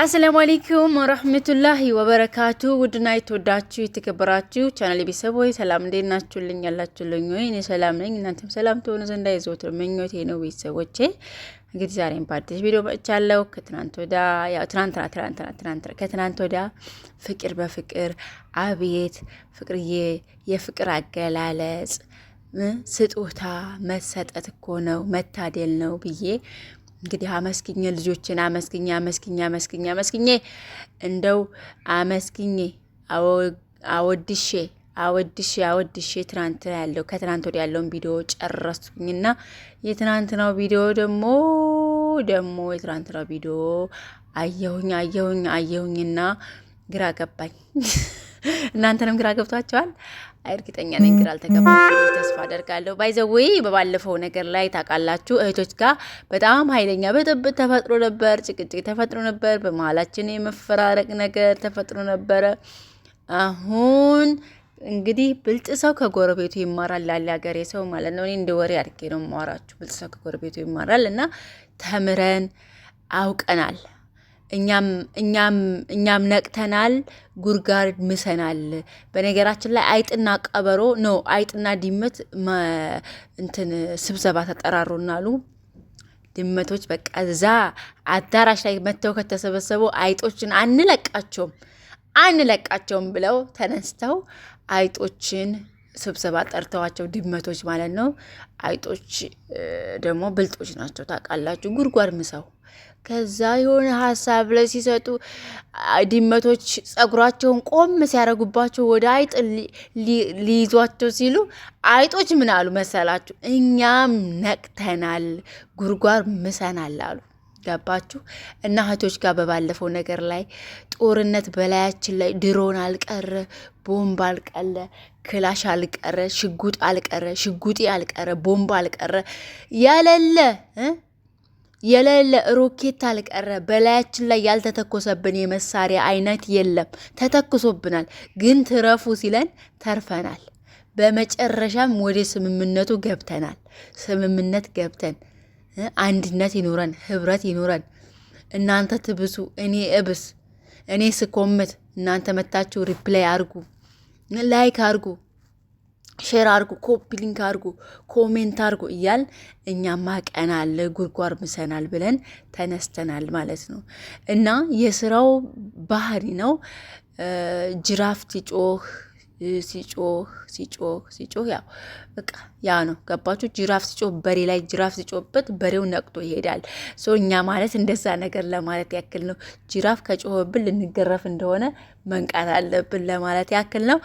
አሰላሙ አለይኩም ወራህመቱላሂ ወበረካቱ። ውድና የተወዳችሁ የተከበራችሁ ቻናል ቤተሰብ ወይ ሰላም እንዴት ናችሁልኝ? ያላችሁልኝ ወይ? እኔ ሰላም ነኝ፣ እናንተም ሰላም ትሆኑ ዘንድ የዘወትር ምኞቴ ነው። ቤተሰቦቼ እንግዲህ ዛሬም በአዲስ ቪዲዮ መጥቻለሁ። ከትናንት ወዳ ያው ትናንትና ትናንትና ትናንትና ከትናንት ወዳ ፍቅር በፍቅር አቤት ፍቅርዬ፣ የፍቅር አገላለጽ ስጦታ መሰጠት እኮ ነው መታደል ነው ብዬ እንግዲህ አመስግኜ ልጆችን አመስግኜ አመስግኜ አመስግኜ አመስግኜ እንደው አመስግኜ አወድሼ አወድሼ አወድሼ ትናንት ያለው ከትናንት ወዲያ ያለውን ቪዲዮ ጨረስኩኝና የትናንትናው ቪዲዮ ደግሞ ደግሞ የትናንትናው ቪዲዮ አየሁኝ አየሁኝ አየሁኝና ግራ ገባኝ። እናንተንም ግራ ገብቷቸዋል። እርግጠኛ ነኝ ግራ አልተገባችሁ ተስፋ አደርጋለሁ። ባይዘዌይ በባለፈው ነገር ላይ ታውቃላችሁ እህቶች ጋር በጣም ኃይለኛ ብጥብጥ ተፈጥሮ ነበር፣ ጭቅጭቅ ተፈጥሮ ነበር፣ በመሀላችን የመፈራረቅ ነገር ተፈጥሮ ነበረ። አሁን እንግዲህ ብልጥ ሰው ከጎረቤቱ ይማራል ላለ ሀገር ሰው ማለት ነው። እኔ እንደ ወሬ አድርጌ ነው የማወራችሁ። ብልጥ ሰው ከጎረቤቱ ይማራል እና ተምረን አውቀናል እኛም እኛም እኛም ነቅተናል፣ ጉርጋርድ ምሰናል። በነገራችን ላይ አይጥና ቀበሮ ኖ አይጥና ድመት እንትን ስብሰባ ተጠራሩና ድመቶች በቃ እዛ አዳራሽ ላይ መጥተው ከተሰበሰቡ አይጦችን አንለቃቸውም አንለቃቸውም ብለው ተነስተው አይጦችን ስብሰባ ጠርተዋቸው ድመቶች ማለት ነው። አይጦች ደግሞ ብልጦች ናቸው ታውቃላችሁ፣ ጉድጓድ ምሰው ከዛ የሆነ ሀሳብ ላይ ሲሰጡ ድመቶች ጸጉራቸውን ቆም ሲያደርጉባቸው ወደ አይጥ ሊይዟቸው ሲሉ አይጦች ምን አሉ መሰላችሁ? እኛም ነቅተናል፣ ጉድጓድ ምሰናል አሉ። ገባችሁ? እና እህቶች ጋር በባለፈው ነገር ላይ ጦርነት በላያችን ላይ ድሮን አልቀረ ቦምብ አልቀለ ክላሽ አልቀረ፣ ሽጉጥ አልቀረ፣ ሽጉጤ አልቀረ፣ ቦምብ አልቀረ፣ ያለለ የለለ ሮኬት አልቀረ። በላያችን ላይ ያልተተኮሰብን የመሳሪያ አይነት የለም። ተተኩሶብናል ግን ትረፉ ሲለን ተርፈናል። በመጨረሻም ወደ ስምምነቱ ገብተናል። ስምምነት ገብተን አንድነት ይኖረን፣ ህብረት ይኖረን። እናንተ ትብሱ፣ እኔ እብስ። እኔ ስኮምት እናንተ መታችሁ ሪፕላይ አርጉ፣ ላይክ አርጉ። ሼር አርጉ፣ ኮፒ ሊንክ አርጉ፣ ኮሜንት አርጉ እያል እኛ ማቀናል አለ ምሰናል ብለን ተነስተናል ማለት ነው። እና የስራው ባህሪ ነው። ጅራፍ ሲጮህ ሲጮህ ሲጮህ ሲጮህ ያው በቃ ያ ነው ገባችሁ። ጅራፍ ሲጮህ በሬ ላይ ጅራፍ ሲጮህበት በሬው ነቅቶ ይሄዳል። ሰው እኛ ማለት እንደዛ ነገር ለማለት ያክል ነው። ጅራፍ ከጮህብን ልንገረፍ እንደሆነ መንቃት አለብን ለማለት ያክል ነው።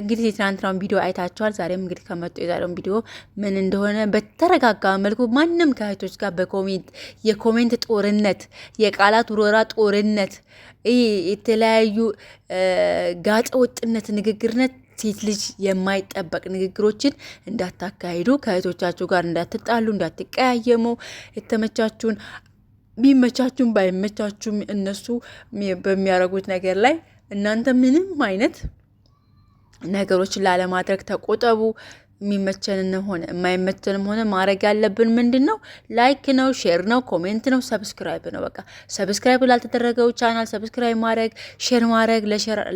እንግዲህ የትናንትናውን ቪዲዮ አይታችኋል። ዛሬም እንግዲህ ከመጡ የዛሬውን ቪዲዮ ምን እንደሆነ በተረጋጋ መልኩ ማንም ከእህቶች ጋር በኮሜንት የኮሜንት ጦርነት፣ የቃላት ውሮራ ጦርነት፣ የተለያዩ ጋጠወጥነት ንግግርነት ሴት ልጅ የማይጠበቅ ንግግሮችን እንዳታካሂዱ፣ ከእህቶቻችሁ ጋር እንዳትጣሉ፣ እንዳትቀያየሙ የተመቻችሁን ቢመቻችሁም ባይመቻችሁም እነሱ በሚያደርጉት ነገር ላይ እናንተ ምንም አይነት ነገሮችን ላለማድረግ ተቆጠቡ። የሚመቸንን ሆነ የማይመቸንም ሆነ ማድረግ ያለብን ምንድን ነው? ላይክ ነው፣ ሼር ነው፣ ኮሜንት ነው፣ ሰብስክራይብ ነው። በቃ ሰብስክራይብ ላልተደረገው ቻናል ሰብስክራይብ ማድረግ፣ ሼር ማድረግ፣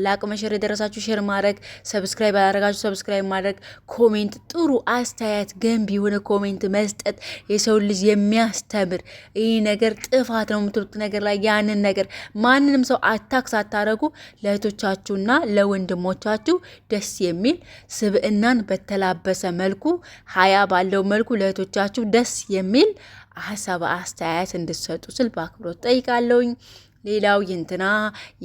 ለአቅመ ሼር የደረሳችሁ ሼር ማድረግ፣ ሰብስክራይብ ያላደረጋችሁ ሰብስክራይብ ማድረግ፣ ኮሜንት፣ ጥሩ አስተያየት፣ ገንቢ የሆነ ኮሜንት መስጠት የሰው ልጅ የሚያስተምር ይህ ነገር ጥፋት ነው የምትሉት ነገር ላይ ያንን ነገር ማንንም ሰው አታክ ሳታደረጉ ለእህቶቻችሁና ለወንድሞቻችሁ ደስ የሚል ስብዕናን በተላበ ባላበሰ መልኩ ሀያ ባለው መልኩ ለእህቶቻችሁ ደስ የሚል ሀሳብ አስተያየት እንድትሰጡ ስል በአክብሮት ጠይቃለውኝ። ሌላው የእንትና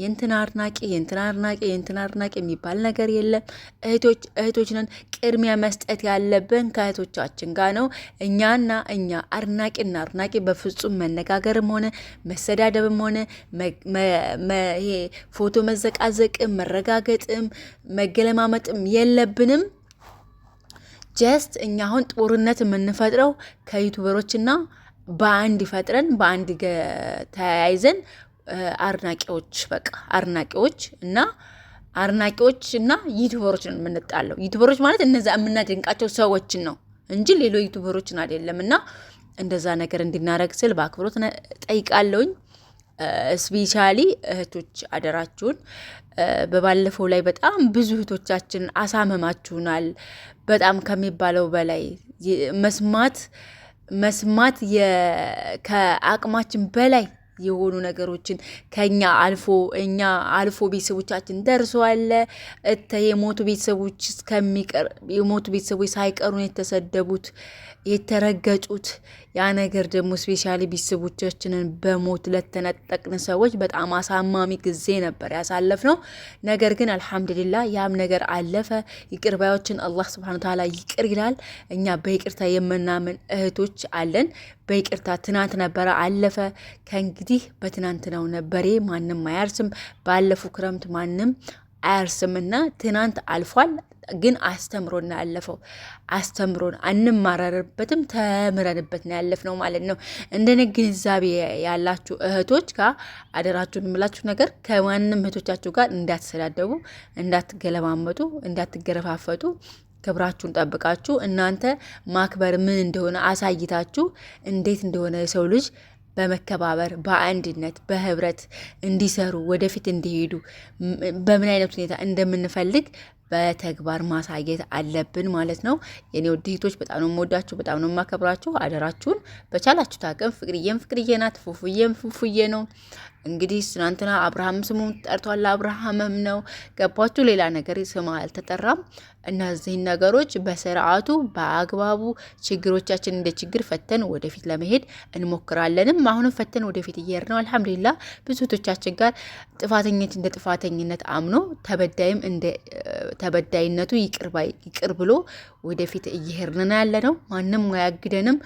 የእንትና አድናቂ የእንትና አድናቂ የእንትና አድናቂ የሚባል ነገር የለም። እህቶች እህቶች ነን። ቅድሚያ መስጠት ያለብን ከእህቶቻችን ጋር ነው። እኛና እኛ አድናቂና አድናቂ በፍጹም መነጋገርም ሆነ መሰዳደብም ሆነ ፎቶ መዘቃዘቅም መረጋገጥም መገለማመጥም የለብንም። ጀስት እኛ አሁን ጦርነት የምንፈጥረው ከዩቱበሮችና በአንድ ፈጥረን በአንድ ተያይዘን አድናቂዎች በቃ አድናቂዎች እና አድናቂዎች እና ዩቱበሮች ነው የምንጣለው። ዩቱበሮች ማለት እነዚ የምናደንቃቸው ሰዎችን ነው እንጂ ሌሎ ዩቱበሮችን አይደለም። እና እንደዛ ነገር እንድናደረግ ስል በአክብሮት ጠይቃለሁኝ። ስፔሻሊ እህቶች አደራችሁን በባለፈው ላይ በጣም ብዙ እህቶቻችን አሳመማችሁናል። በጣም ከሚባለው በላይ መስማት መስማት ከአቅማችን በላይ የሆኑ ነገሮችን ከኛ አልፎ እኛ አልፎ ቤተሰቦቻችን ደርሶ አለ እተ የሞቱ ቤተሰቦች እስከሚቀር የሞቱ ቤተሰቦች ሳይቀሩን የተሰደቡት የተረገጩት ያ ነገር ደግሞ ስፔሻሊ ቤተሰቦቻችንን በሞት ለተነጠቅን ሰዎች በጣም አሳማሚ ጊዜ ነበር ያሳለፍነው። ነገር ግን አልሐምዱሊላ ያም ነገር አለፈ። ይቅር ባዮችን አላህ ስብሐነ ተዓላ ይቅር ይላል። እኛ በይቅርታ የምናምን እህቶች አለን። በይቅርታ ትናንት ነበረ አለፈ። ከንግ እንግዲህ በትናንትናው ነበሬ ማንም አያርስም፣ ባለፉ ክረምት ማንም አያርስም እና ትናንት አልፏል። ግን አስተምሮን ያለፈው አስተምሮን አንማረርበትም፣ ተምረንበት ነው ነው ማለት ነው። እንደኔ ግንዛቤ ያላችሁ እህቶች ጋር አደራችሁን የምላችሁ ነገር ከማንም እህቶቻችሁ ጋር እንዳትሰዳደቡ፣ እንዳትገለማመጡ፣ እንዳትገረፋፈጡ ክብራችሁን ጠብቃችሁ እናንተ ማክበር ምን እንደሆነ አሳይታችሁ እንዴት እንደሆነ የሰው ልጅ በመከባበር በአንድነት በህብረት እንዲሰሩ ወደፊት እንዲሄዱ በምን አይነት ሁኔታ እንደምንፈልግ በተግባር ማሳየት አለብን ማለት ነው። የኔ ውድ እህቶች በጣም ነው የምወዳችሁ፣ በጣም ነው የማከብራችሁ። አደራችሁን በቻላችሁ ታቅም ፍቅርዬም ፍቅርዬ ናት፣ ፉፉዬም ፉፉዬ ነው። እንግዲህ ትናንትና አብርሃም ስሙ ጠርቷል። አብርሃምም ነው ገባችሁ? ሌላ ነገር ስም አልተጠራም። እነዚህን ነገሮች በስርዓቱ በአግባቡ ችግሮቻችን እንደ ችግር ፈተን ወደፊት ለመሄድ እንሞክራለንም። አሁንም ፈተን ወደፊት እየሄድ ነው። አልሐምዱሊላ ብዙቶቻችን ጋር ጥፋተኝነት እንደ ጥፋተኝነት አምኖ ተበዳይም እንደ ተበዳይነቱ ይቅር ብሎ ወደፊት እየሄድን ያለ ነው። ማንም አያግደንም።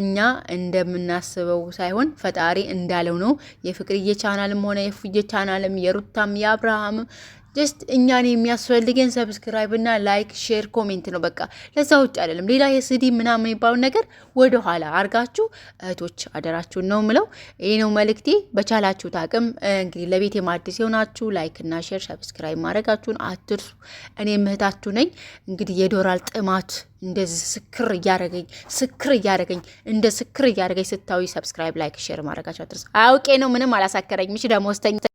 እኛ እንደምናስበው ሳይሆን ፈጣሪ እንዳለው ነው። የፍቅርዬ ቻናልም ሆነ የፉዬ ቻናልም የሩታም የአብርሃምም ጀስት እኛን የሚያስፈልገን ሰብስክራይብ እና ላይክ፣ ሼር፣ ኮሜንት ነው። በቃ ለዛ ውጭ አይደለም። ሌላ የስዲ ምናምን የሚባሉ ነገር ወደኋላ አርጋችሁ እህቶች አደራችሁን ነው ምለው። ይህ ነው መልእክቴ። በቻላችሁት አቅም እንግዲህ ለቤት የማድስ የሆናችሁ ላይክ እና ሼር፣ ሰብስክራይብ ማድረጋችሁን አትርሱ። እኔ እህታችሁ ነኝ። እንግዲህ የዶራል ጥማት እንደዚህ ስክር እያደረገኝ ስክር እያደረገኝ እንደ ስክር እያደረገኝ ስታዊ ሰብስክራይብ ላይክ ሼር ማድረጋቸው አትርሱ። አውቄ ነው ምንም አላሳከረኝ ምሽ ደሞስተኝ